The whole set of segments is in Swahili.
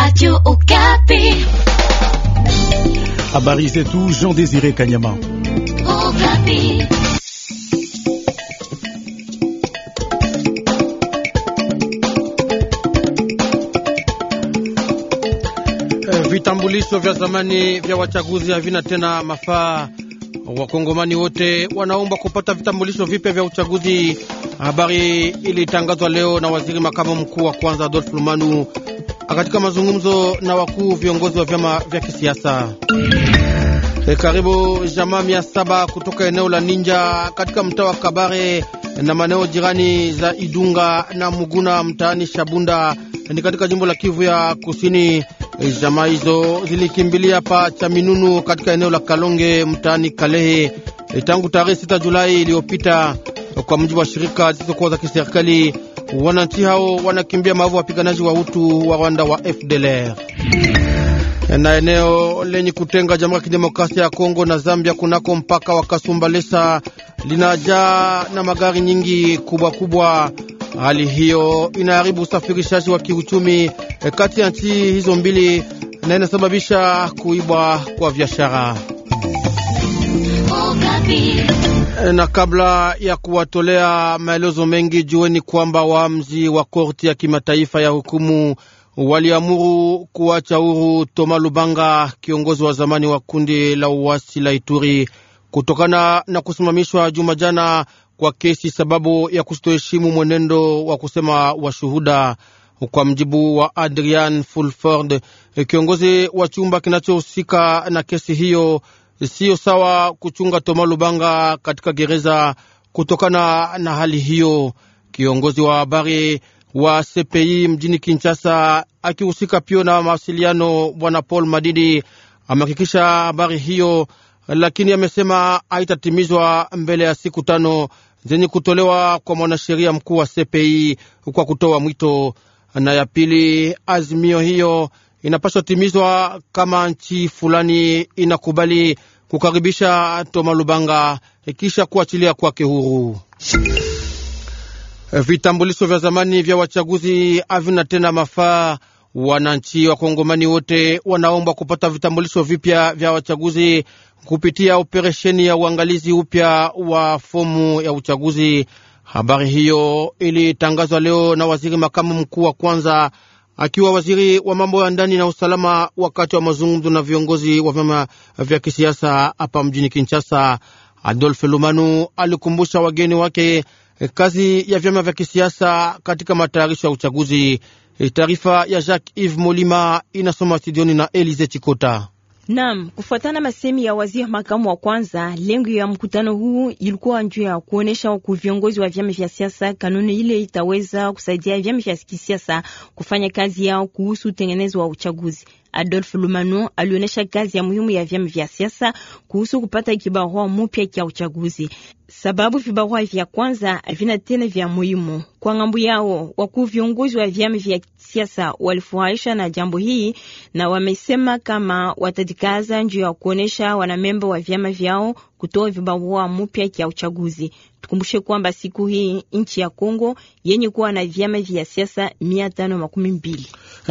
Radio Okapi. Habari zetu Jean Désiré Kanyama. Okapi. Eh, vitambulisho vya zamani vya wachaguzi havina tena mafaa. Wakongomani wote wanaomba kupata vitambulisho vipya vya uchaguzi. Habari ilitangazwa leo na waziri makamu mkuu wa kwanza Adolf Lumanu katika mazungumzo na wakuu viongozi wa vyama vya kisiasa. E, karibu jamaa mia saba kutoka eneo la Ninja katika mtaa wa Kabare na maeneo jirani za Idunga na Muguna mtaani Shabunda ni katika jimbo la Kivu ya Kusini. E, jamaa hizo zilikimbilia pa Chaminunu katika eneo la Kalonge mtaani Kalehe e, tangu tarehe 6 Julai iliyopita, kwa mujibu wa shirika zisizokuwa za kiserikali. Wananchi hao wanakimbia maovu wapiganaji wa utu wa Rwanda wa FDLR na eneo lenye kutenga Jamhuri ya Kidemokrasia ya Kongo na Zambia kunako mpaka wa Kasumbalesa linajaa na magari nyingi kubwa kubwa. Hali hiyo inaharibu usafirishaji wa kiuchumi eh, kati ya nchi hizo mbili na inasababisha kuibwa kwa biashara. Eh, na kabla ya kuwatolea maelezo mengi, jueni kwamba waamzi wa korti ya kimataifa ya hukumu waliamuru kuacha huru Toma Lubanga, kiongozi wa zamani wa kundi la uasi la Ituri, kutokana na kusimamishwa juma jana kwa kesi sababu ya kutoheshimu mwenendo wa kusema washuhuda. Kwa mjibu wa Adrian Fulford, eh, kiongozi wa chumba kinachohusika na kesi hiyo, siyo sawa kuchunga Toma Lubanga katika gereza. Kutokana na hali hiyo, kiongozi wa habari wa CPI mjini Kinshasa akihusika pia na mawasiliano, bwana Paul Madidi amehakikisha habari hiyo, lakini amesema haitatimizwa mbele ya siku tano zenye kutolewa kwa mwanasheria mkuu wa CPI kwa kutoa mwito. Na ya pili, azimio hiyo inapaswa timizwa kama nchi fulani inakubali kukaribisha Toma Lubanga eh, kisha kuachilia kwake huru. Eh, vitambulisho vya zamani vya wachaguzi havina tena mafaa. Wananchi wa Kongomani wote wanaombwa kupata vitambulisho vipya vya wachaguzi kupitia operesheni ya uangalizi upya wa fomu ya uchaguzi. Habari hiyo ilitangazwa leo na waziri makamu mkuu wa kwanza akiwa waziri wa mambo ya ndani na usalama, wakati wa mazungumzo na viongozi wa vyama vya kisiasa hapa mjini Kinshasa. Adolfe Lumanu alikumbusha wageni wake kazi ya vyama vya kisiasa katika matayarisho ya uchaguzi. E, taarifa ya Jacques Yves Molima inasoma studioni na Elize Chikota. Nam, kufuatana masemi ya waziri makamu wa kwanza, lengo ya mkutano huu ilikuwa njuu ya kuonesha kwa viongozi wa vyama vya siasa kanuni ile itaweza kusaidia vyama vya kisiasa kufanya kazi yao kuhusu utengenezo wa uchaguzi. Adolf Lumano alionyesha kazi ya muhimu ya vyama vya siasa kuhusu kupata kibarua mupya cha uchaguzi, sababu vibarua vya kwanza vina tena vya muhimu kwa ngambo yao. Wakuu viongozi wa vyama vya siasa walifurahishwa na jambo hii na wamesema kama watajikaza njuu ya kuonyesha wanamemba wa vyama vyao kutoa vibarua mupya cha uchaguzi. Tukumbushe kwamba siku hii nchi ya Kongo yenye kuwa na vyama vya siasa mia tano makumi mbili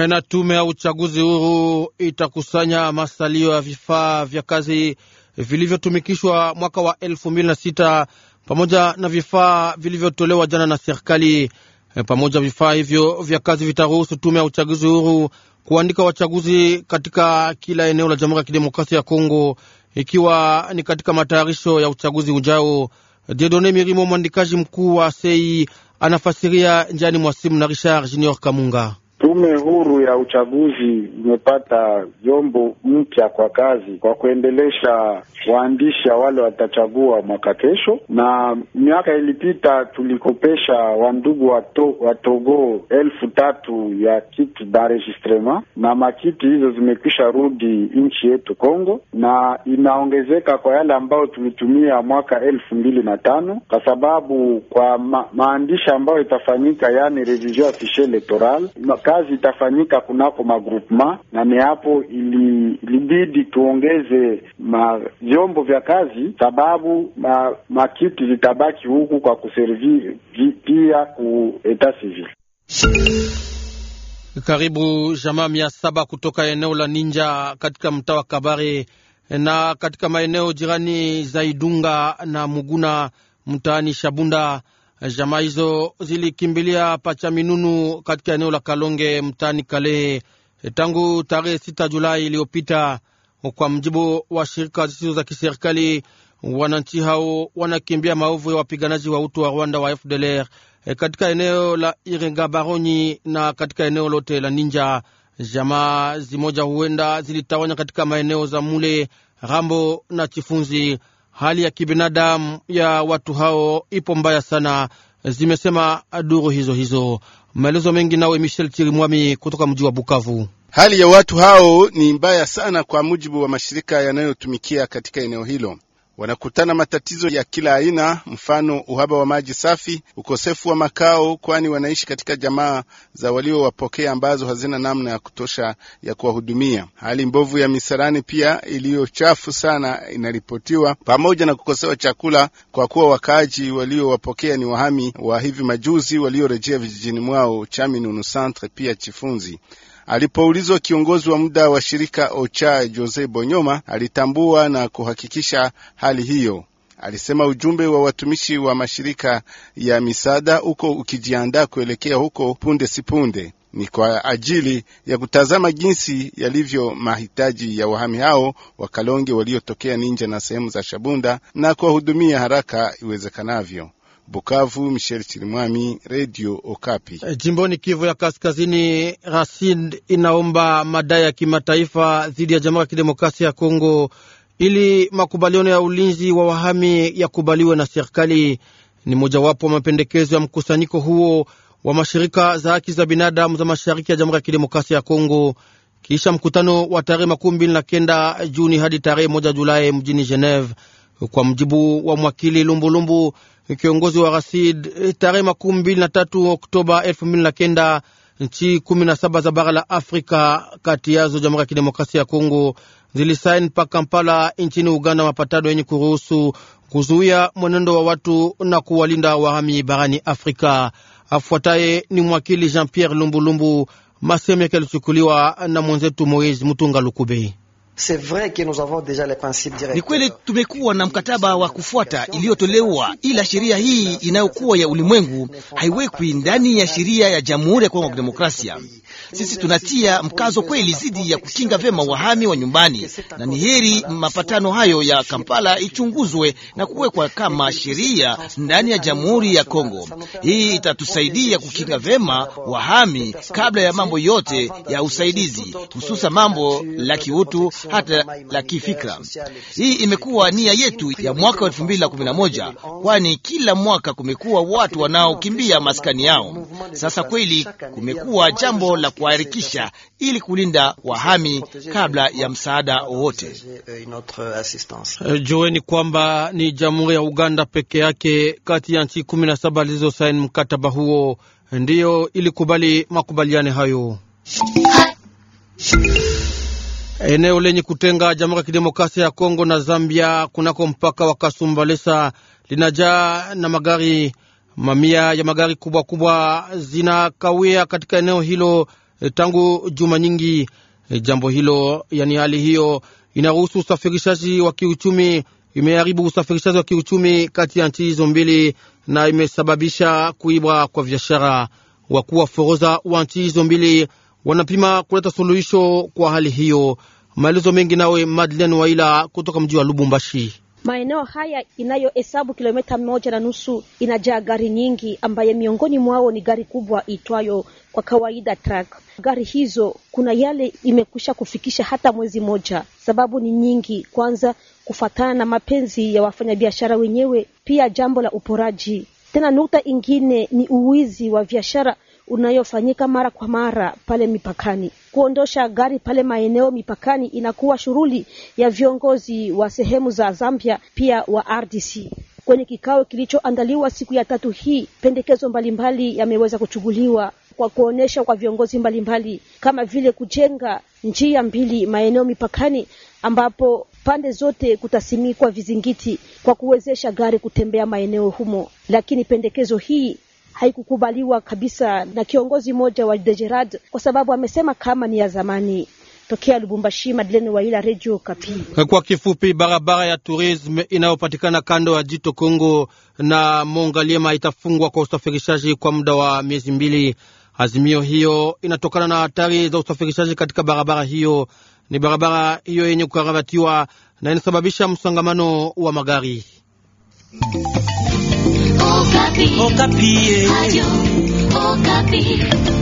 na tume ya uchaguzi huru itakusanya masalio ya vifaa vya kazi vilivyotumikishwa mwaka wa elfu mbili na sita pamoja na vifaa vilivyotolewa jana na serikali. E, pamoja vifaa hivyo vya kazi vitaruhusu tume ya uchaguzi huru kuandika wachaguzi katika kila eneo la Jamhuri ya Kidemokrasia ya Kongo, ikiwa ni katika matayarisho ya uchaguzi ujao. Diedone Mirimo, mwandikaji mkuu wa sei, anafasiria njiani mwasimu na Richard Junior Kamunga. Tume huru ya uchaguzi imepata vyombo mpya kwa kazi kwa kuendelesha waandishi wale watachagua mwaka kesho. Na miaka ilipita tulikopesha wandugu wa Togo elfu tatu ya kiti d'enregistrement na makiti hizo zimekwisha rudi nchi yetu Kongo, na inaongezeka kwa yale ambayo tulitumia mwaka elfu mbili na tano kwa sababu kwa ma, maandishi ambayo itafanyika, yani revision officielle electorale kazi itafanyika kunako magroupema, na ni hapo ili ilibidi tuongeze vyombo vya kazi, sababu ma, makiti zitabaki huku kwa kuservi pia ku eta civil. Karibu jamaa mia saba kutoka eneo la Ninja katika mtaa wa Kabare na katika maeneo jirani za Idunga na Muguna mtaani Shabunda Jamaa hizo zilikimbilia Pachaminunu katika eneo la Kalonge mtaani Kale tangu tarehe sita Julai iliyopita. Kwa mjibu wa shirika zisizo za kiserikali, wananchi hao wanakimbia maovu ya wapiganaji wa utu wa Rwanda wa FDLR eh, katika eneo la Irenga Baroni na katika eneo lote la Ninja. Jamaa zimoja huenda zilitawanya katika maeneo za Mule, Rambo na Chifunzi hali ya kibinadamu ya watu hao ipo mbaya sana, zimesema duru hizo hizo. Maelezo mengi nawe Michel Chirimwami kutoka mji wa Bukavu. Hali ya watu hao ni mbaya sana, kwa mujibu wa mashirika yanayotumikia katika eneo hilo wanakutana matatizo ya kila aina, mfano uhaba wa maji safi, ukosefu wa makao, kwani wanaishi katika jamaa za waliowapokea ambazo hazina namna ya kutosha ya kuwahudumia. Hali mbovu ya misarani pia iliyo chafu sana inaripotiwa, pamoja na kukosewa chakula, kwa kuwa wakaaji waliowapokea ni wahami wa hivi majuzi waliorejea vijijini mwao Chaminu Centre, pia Chifunzi. Alipoulizwa, kiongozi wa muda wa shirika OCHA Jose Bonyoma alitambua na kuhakikisha hali hiyo. Alisema ujumbe wa watumishi wa mashirika ya misaada uko ukijiandaa kuelekea huko punde sipunde ni kwa ajili ya kutazama jinsi yalivyo mahitaji ya wahami hao wa Kalonge waliotokea Ninja na sehemu za Shabunda na kuwahudumia haraka iwezekanavyo. Bukavu, Michel Chirimwami, Radio Okapi. Eh, jimboni Kivu ya Kaskazini, Rasid inaomba madai ya kimataifa dhidi ya Jamhuri ya Kidemokrasia ya Kongo ili makubaliano ya ulinzi wa wahami yakubaliwe na serikali. Ni mojawapo wa mapendekezo ya mkusanyiko huo wa mashirika za haki za binadamu za mashariki ya Jamhuri ya Kidemokrasia ya Kongo kisha mkutano wa tarehe makumi mbili na kenda Juni hadi tarehe moja Julai mjini Geneve, kwa mjibu wa mwakili Lumbulumbu kiongozi wa rasid eh, tarehe makumi mbili na tatu Oktoba elfu mbili na kenda nchi kumi na saba za bara la Afrika, kati yazo Jamhuri ya Kidemokrasia ya Kongo zilisaini pa Kampala nchini Uganda mapatano yenye kuruhusu kuzuia mwenendo wa watu na kuwalinda wahami barani Afrika. Afuataye ni mwakili Jean Pierre Lumbulumbu, masehemu yake yalichukuliwa na mwenzetu Moise Mutunga Lukube. Ni kweli tumekuwa na mkataba wa kufuata iliyotolewa, ila sheria hii inayokuwa ya ulimwengu haiwekwi ndani ya sheria ya Jamhuri ya Kongo Demokrasia. Sisi tunatia mkazo kweli zidi ya kukinga vyema wahami wa nyumbani, na ni heri mapatano hayo ya Kampala ichunguzwe na kuwekwa kama sheria ndani ya Jamhuri ya Kongo. Hii itatusaidia kukinga vyema wahami kabla ya mambo yote ya usaidizi, hususa mambo la kiutu hata la kifikra. Hii imekuwa nia yetu ya mwaka wa 2011 kwani kila mwaka kumekuwa watu wanaokimbia maskani yao. Sasa kweli kumekuwa jambo la kuharikisha ili kulinda wahami kabla ya msaada wowote. Jueni kwamba ni Jamhuri ya Uganda peke yake kati ya nchi 17 zilizosaini mkataba huo ndiyo ilikubali makubaliano hayo eneo lenye kutenga Jamhuri ya Kidemokrasia ya Kongo na Zambia kunako mpaka wa Kasumbalesa linajaa na magari. Mamia ya magari kubwa kubwa zinakawia katika eneo hilo e, tangu juma nyingi. E, jambo hilo, yani hali hiyo inaruhusu usafirishaji wa kiuchumi, imeharibu usafirishaji wa kiuchumi kati ya nchi hizo mbili na imesababisha kuibwa kwa biashara. Wakuu wa forodha wa nchi hizo mbili wanapima kuleta suluhisho kwa hali hiyo. Maelezo mengi nawe Madlen Waila kutoka mji wa Lubumbashi. Maeneo haya inayohesabu kilomita moja na nusu inajaa gari nyingi, ambaye miongoni mwao ni gari kubwa itwayo kwa kawaida truck. Gari hizo kuna yale imekwisha kufikisha hata mwezi moja. Sababu ni nyingi, kwanza kufatana na mapenzi ya wafanyabiashara wenyewe, pia jambo la uporaji. Tena nukta ingine ni uwizi wa biashara unayofanyika mara kwa mara pale mipakani. Kuondosha gari pale maeneo mipakani inakuwa shughuli ya viongozi wa sehemu za Zambia pia wa RDC. Kwenye kikao kilichoandaliwa siku ya tatu hii, pendekezo mbalimbali yameweza kuchuguliwa kwa kuonyesha kwa viongozi mbalimbali mbali, kama vile kujenga njia mbili maeneo mipakani ambapo pande zote kutasimikwa vizingiti kwa kuwezesha gari kutembea maeneo humo, lakini pendekezo hii haikukubaliwa kabisa na kiongozi mmoja wa Dejerad kwa sababu amesema kama ni ya zamani. Tokea Lubumbashi, Madeleine Waila, Radio Kapi. Kwa kifupi, barabara ya tourisme inayopatikana kando ya Jito Kongo na Mongaliema itafungwa kwa usafirishaji kwa muda wa miezi mbili. Azimio hiyo inatokana na hatari za usafirishaji katika barabara hiyo. Ni barabara hiyo yenye kukarabatiwa na inasababisha msongamano wa magari. Okapi. Okapi.